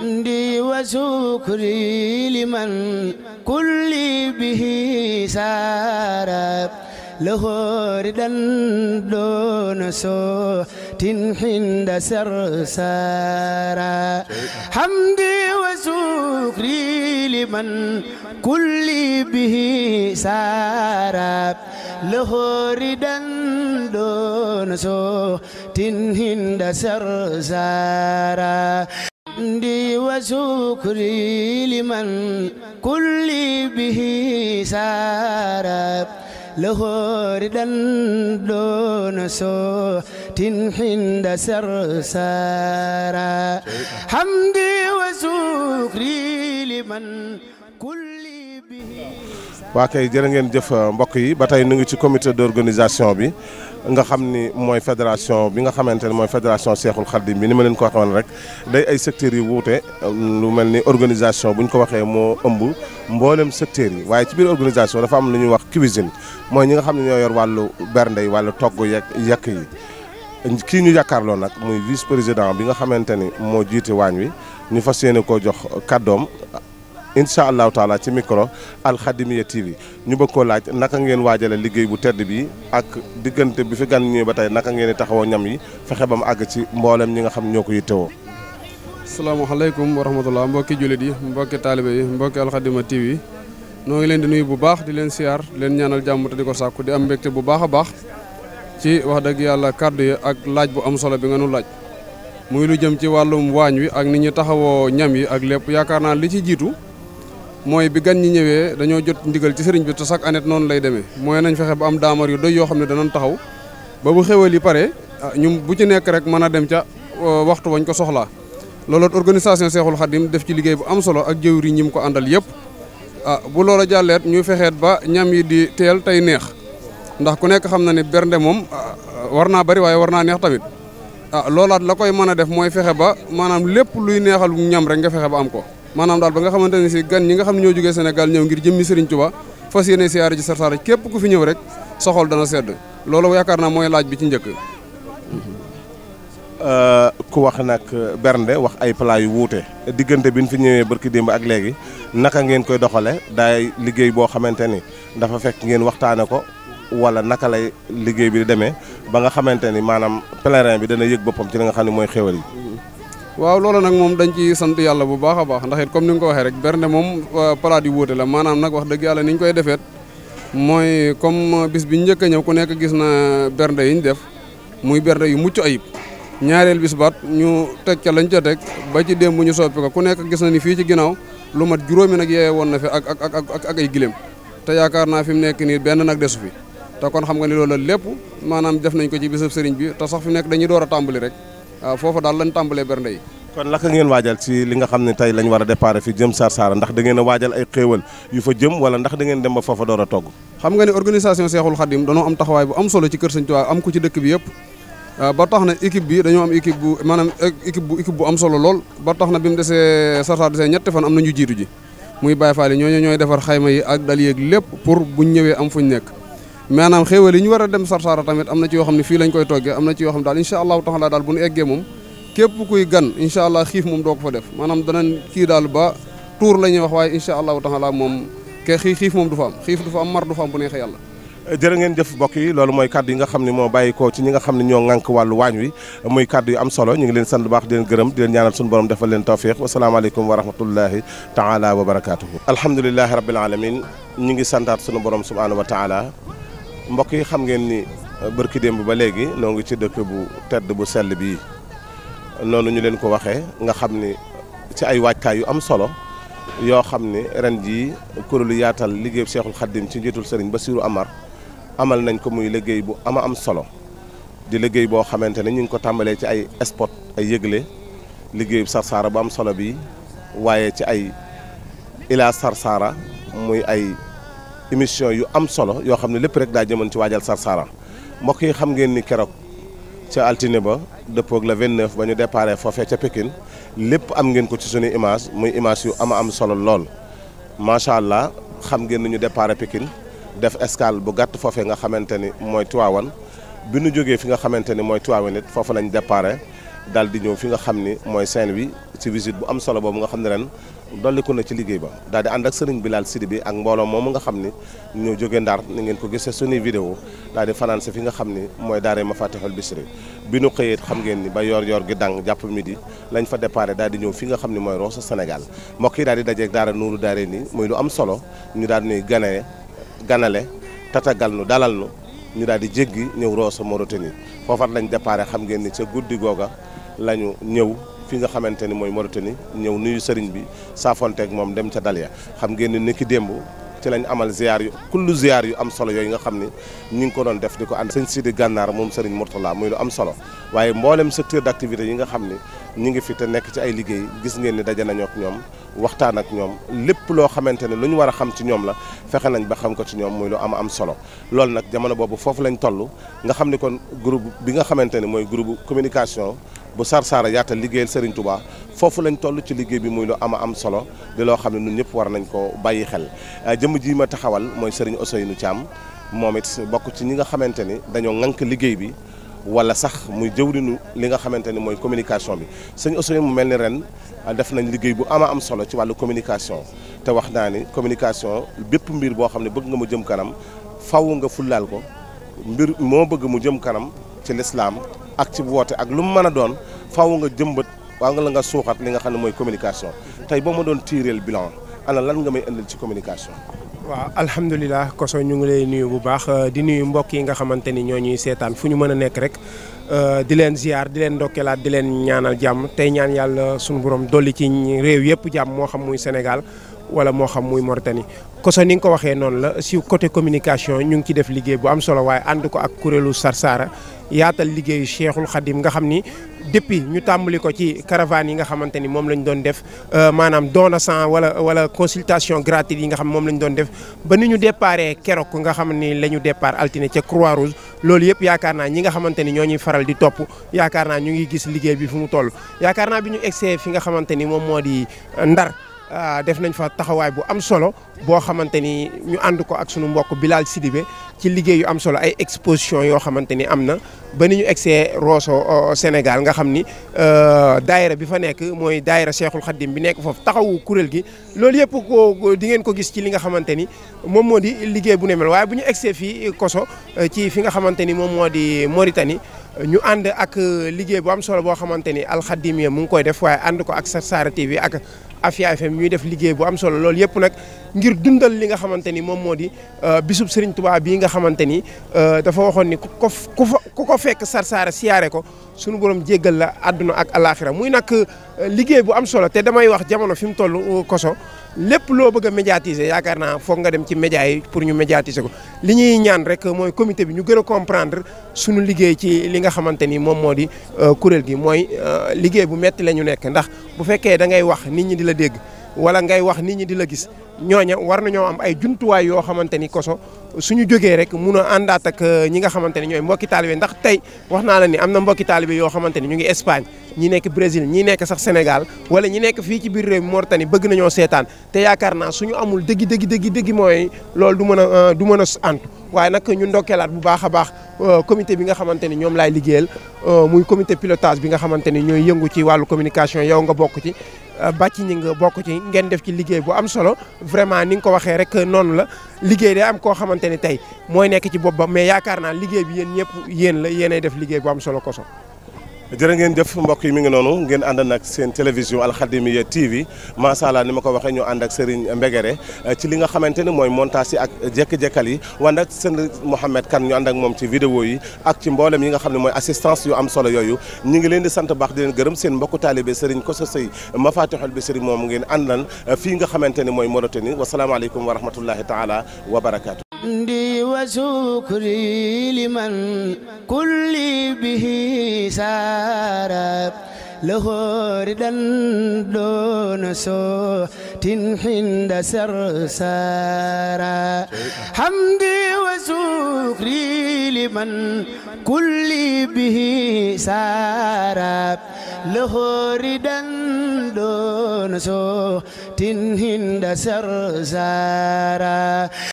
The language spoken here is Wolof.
حمدي وشكري لمن كل به سارا لهور دن دون صوت حند سرسارا حمدي وشكري لمن كل به سارا لهور دن دون صوت حند سرسارا حمدي وشكري لمن كل به سارة له ردا دون صوت حند سرسارا حمدي وشكري لمن كل به waa kay jërë ngeen jëf euh, mbokk yi ba tey nu ngi ci comité d'organisation bi nga xam ni mooy fédération bi nga xamante ne mooy fédération Seexul Xaddim bi ni ma leen ko waxoon rek day ay secteurs yu wuute euh, lu mel ni organisation bu ñu ko waxee moo ëmb mboolem secteurs yi waaye ci biir organisation dafa am lu ñuy wax cuisine mooy ñi nga xam ne ñoo yor wàllu bernde yi wàllu togg yekk yekk yi kii ñu jàkkaarloo nag muy vice président bi nga xamante ni moo jiite waañ wi ñu fas yéene koo jox kàddoom Insyaallah allahu taala ci micro alxadimiya TV ñu bëkk wajale laaj naka ngeen waajale liggéey bu tedd bi ak digënté bi fi gan ñëwee ba tey naka ngeen taxaw ñam yi fexe ba ag ci mbolam ñi nga xam ñoko yittéwo assalamu alaykum wa rahmatullah mbokki julit yi mbokki talibé yi mbokki TV no ngi leen di nuyu bu baax di leen siyaar leen ñaanal jamm te di sakku di am mbégte bu baaxa baax ci wax dëgg yalla ak laaj bu am solo bi nga nu laaj. muy lu jëm ci walum wañ wi ak ni ñu taxawoo ñam yi ak lepp yaakaar naa li ci jiitu moy bi gan ñi ñëwé dañoo jot ndigal ci sëriñ bi to sax anet non lay démé moy nañ fexé ba am daamar yu doy yo xamné ne danañ taxaw ba bu xewal yi pare ah, ñu bu ci nekk rek mëna dem ca euh, waxtu wañ ko soxla loolu organisation cheikhul khadim def ci liggéey bu am solo ak jëwri ñim ko andal yépp ah bu loolu jàlleet ñu fexé ba ñam yi di téel tay neex ndax ku nekk xamna ni bernde mom ah, ah, warna bari waye warna neex tamit ah loolu la koy mëna def moy fexé ba manam lepp luy neexal ñam rek nga fexé ba am ko manam dal ba nga xamanteni ci gan ñi nga xam ñoo jógee Sénégal ñew ngir jëmmi Serigne Touba fas ci siyaare ji Sarsara képp ku fi ñew rek soxol dana sedd loolu yaakar na moy laaj bi ci euh ku wax nak bernde wax ay plat yu wuté digënté biñ fi ñëwé barki démb ak légui naka ngeen koy doxalé day liggéey bo xamanteni dafa fekk ngeen waxtaane ko wala naka lay liggéey bi démé ba nga xamanteni ni maanaam pèlerin bi dana yëg bopam ci nga xamni moy xéewal yi waaw loola nag moom dañ ci sant yàlla bu baax a baax ndax it comme ni nga ko waxee rek bernde moom euh, palaat yu wuute la maanaam nag wax dëgg yàlla ni ñu koy defeet mooy comme bis bi njëkk a ñëw ku nekk gis na bernde yi ñu def muy bernde yu mucc ayib ñaareel bis baat ñu teg ca lañ ca teg ba ci démb ñu soppi ko ku nekk gis na ni fii ci ginnaaw lu mat juróomi nag yee woon na fi ak ak ak ak ay gilem te yaakaar naa fi mu nekk nii benn nag desu fi te kon xam nga ni loolu lépp maanaam def nañ ko ci bisab sëriñ bi te sax fi mu nekk dañuy door a tàmbali rek foofa daal lañ tàmbalee bernde yi kon laka ngeen waajal si li nga xam ne tey lañ war a déparé fi jëm Sarsara ndax dangeen a waajal ay xéewal yu fa jëm wala ndax da ngeen dem ba foofa door a togg xam nga ne organisation Seexul Xadim dañoo am taxawaay bu am solo ci kër Sëñ Tuubaa am ko ci dëkk bi yëpp ah, ba tax na équipe bi dañoo am équipe bu maanaam équipe bu équipe bu am solo lool ba tax na bi mu desee Sarsara desee ñetti fan am nañu ñu jiitu ji muy Baay Faal yi ñooy defar xayma ak dal yéeg lépp pour buñ ñëwee am fuñ nekk maanaam xéewal yi ñu war a dem sarsaara tamit am na ci yoo xam ne fii lañ koy toggee am na ci yoo xam ne daal incha allahu taala daal bu ñu eggee moom képp kuy gan incha allah xiif moom la ñuy wax waaye incha allahu taala moom ke xiif moom du fa am xiif du fa am yi loolu mooy kàddu yi nga xam ne moo bàyyi ko nga xam ne ñoo ŋànk wàllu waañ wi muy leen sant bu baax gërëm di leen ñaanal suñu borom defal leen tawfiq wasalaamaaleykum wa rahmatullahi taala wa barakatuhu alhamdulilahi rabbil alamin ñu ngi santaat suñu borom subhanahu wa taala mbokk yi xam ngeen ni euh, bërki démb ba léegi noo ci dëkk bu tedd bu sell bii noonu ñu leen ko waxee nga xam ni ci ay waajtaay yu am solo yoo xam ni ren jii kuréelu yaatal liggéeyu Seexul Xaddim ci njiitul Sëriñ Basiiru Amar amal nañ ko muy liggéey bu ama am solo di liggéey boo xamante ne ñu ngi ko tàmbalee ci ay spot ay yëgle liggéeyu Sarsaara bu am solo bi waaye ci ay ila Sarsaara muy ay émission yu am solo yoo xam ne lépp rek daa jëmoon ci waajal Sarsara mbokk yi xam ngeen ni keroog ca altine ba dëppoog la 29 ba ñu déparé foofee ca Pékin lépp am ngeen ko ci sunu image muy image yu ama am solo lool macha allah xam ngeen ni ñu déparé Pékin def escale bu gàtt foofee nga xamante ni mooy Tiwaawan bi nu jógee fi nga xamante ni mooy Tiwaawan it foofu lañ déparé daal di ñëw fi nga xam ni mooy Saint-Louis ci visite bu am solo boobu nga xam ne ren dolliku na ci liggéey ba daal di ànd ak sëriñ Bilal Sidi bi ak mbooloo moomu nga xam ni ñoo jóge Ndar ni ngeen ko gisee suñuy vidéo daal di fanaan si fi nga xam ni mooy daare Mafatihul Bichri bi nu xëyee xam ngeen ni ba yor gi dang jàpp midi lañ fa déparé daal di ñëw fi nga xam ni mooy Rosso Sénégal mbokk yi daal di dajeeg daara nuuru daare nii muy lu am solo ñu daal di nuy ganale ganale tatagal nu dalal nu ñu daal di jéggi ñëw Rosso Mauritanie foofat lañ déparé xam ngeen ni ca guddi googa lañu ñëw fi nga xamante ni mooy Mauritanie ñëw nuyu sëriñ bi saafonteeg moom dem ca Dalia xam ngeen ni niki démb ci lañ amal ziar yu kullu ziar yu am solo yooyu nga xam ni ñu ngi ko doon def di ko ànd sëñ Sidi Gànnaar moom sëriñ Mourtala muy lu am solo waaye mboolem secteur d'activité yi nga xam ni ñu ngi fi te nekk ci ay liggéey gis ngeen ni daje nañoo ak ñoom waxtaan ak ñoom lépp loo xamante ne lu ñu war a xam ci ñoom la fexe nañ ba xam ko ci ñoom muy lu am am solo loolu nag jamono boobu foofu lañ toll nga xam kon groupe bi nga xamante ne mooy groupe communication bu Sarsara yaatal liggéeyal Serigne Touba foofu lañ toll ci liggéey bi muy lu ama am solo di loo xam ne ñun ñëpp war nañ ko bàyyi xel ah, jëm jii ma taxawal mooy Serigne Ousseynou Thiam moom it si bokk ci ñi nga xamante ni dañoo ŋànk liggéey bi wala sax muy jëwriñu li nga xamante ni mooy communication bi sëñ Ousseynou mu mel ni ren ah, def nañ liggéey bu ama am solo ci wàllu communication te wax naa ni communication bépp mbir boo xam ne bëgg nga mu jëm kanam faw nga fullaal ko mbir moo bëgg mu jëm kanam ci lislaam ak ci woote ak lu mu mën a doon faw nga jëmbat waa nga la nga suuxat li nga xam ne mooy communication tey boo ma doon tiireel bilan ana lan nga may indil ci communication waaw alhamdulilah koso ñu ngi lay nuyu bu baax euh, di nuyu mbokk yi nga xamante ni ñoo ñuy seetaan fu ñu mën a nekk rek euh, di leen ziar di leen ndokkeelaat di leen ñaanal jàmm tey ñaan yàlla sunu borom dolli ci réew yëpp jàmm moo xam muy Sénégal wala moo xam muy Mauritanie koso ni nga ko waxee noonu la si côté communication ñu ngi ci def liggéey bu am solo waaye ànd ko ak kuréelu Sarsara yaatal liggéeyu Cheikhul Khadim nga xam ni depuis ñu tàmbali ko ci caravane yi nga xamante ni moom lañ doon def euh, maanaam don sang wala wala consultation gratuite yi nga xam moom lañ doon def ba ni ñu déparé keroog nga xam ni la ñu départ altine ce Croix Rouge loolu yëpp yaakaar naa ñi nga xamante ni ñoo ñuy faral di topp yaakaar naa ñu ngi gis liggéey bi fu mu toll yaakaar naa bi ñu egsee fi nga xamante ni moom moo di Ndar Ah, def nañ fa taxawaay bu am solo boo xamante ni ñu ànd ko ak sunu mbokk Bilal Sidibé ci liggéey am solo ay exposition yoo xamante ni am na ba ni ñu egsee Rosso euh, Sénégal nga xam ni euh, daayira bi fa nekk mooy daayira Cheikhul Khadim bi nekk foofu taxawu kuréel gi loolu yëpp ko di ngeen ko gis ci li nga xamante ni moom moo di liggéey bu ne mel waaye bu ñu egsee fii Koso euh, ci fi nga xamante ni moom moo di Mauritanie ñu ànd ak liggéey bu am solo boo xamante ni Al Khadimiyyah mu ngi koy def waaye ànd ko ak Sarsara TV ak Afia FM ñuy def liggéey bu am solo loolu yëpp nag ngir dundal li nga xamante ni moom moo di euh, bisub Serigne Touba yi nga xamante ni euh, dafa waxoon ni ku ko ku ko fekk sarsaara siyaare ko sunu borom jéggal la àdduna ak alaaxira muy nag. liggéey bu am solo te damay wax jamono fi mu toll uh, koso lépp loo bëgg a médiatiser yakaar naa foog nga dem ci média yi pour ñu médiatiser ko li ñuy ñaan rek mooy comité bi ñu gën a comprendre suñu liggéey ci li nga xamante ni moom moo di uh, kuréel gi mooy uh, liggéey bu metti la ñu nekk ndax bu fekkee da ngay wax nit ñi di la dégg wala ngay wax nit ñi di la gis ñoña war nañu am ay juntu yoo yo ni koso suñu joggé rek mëna andat ak euh, ñi nga xamanteni ñoy mbokki talibé ndax tay waxna la ni am mbokki talibé yo xamanteni ñu ngi Espagne ñi nekk Brésil ñi nekk sax Sénégal wala ñi nekk fi ci biir réew Mauritanie bëgg nañu sétane té yakarna suñu amul dëgg dëgg dëgg dëgg moy lool du mëna euh, du mëna a waye nak ñu ndokkeelaat bu baaxa baax euh, comité bi nga xamanteni ñom lay laay liggéeyal muy comité pilotage bi nga xamanteni ñoy yëngu ci walu communication yow nga bok ci bacci ñi nga ci ngeen def ci liggéey bu am solo vraiment ni ko waxee rek noonu la liggéey day am koo xamante ni tey mooy nekk ci bopp ba mais yaakaar naa liggéey bi yéen ñëpp yéen la ay def liggéey bu am solo koso jërë ngeen jëf mbokk yi mi ngi noonu ngeen ànd nag seen télévision alxadimiya TV macha allah ni ma ko waxee ñu ànd ak Serigne Mbegere eh, ci li nga xamante ni mooy montage yi ak jekki-jekkal yi wànd ak seen Mouhamed Kane ñu ànd ak moom ci vidéo yi ak ci mboolem yi nga xam ne mooy assistance yu am solo yooyu ñu ngi leen di sant baax di leen gërëm seen mbokku taalibe Serigne Kosso Seye mafatixul bi Serigne moom ngeen àndal eh, fii nga xamante ni mooy Mauritanie wasalaamaaleykum wa rahmatullahi taala wa barakaatu شكري لمن كل به سارة له ردا دون صوت حند سرسارا حمدي وشكري لمن كل به سارة له ردا دون صوت حند سرسارا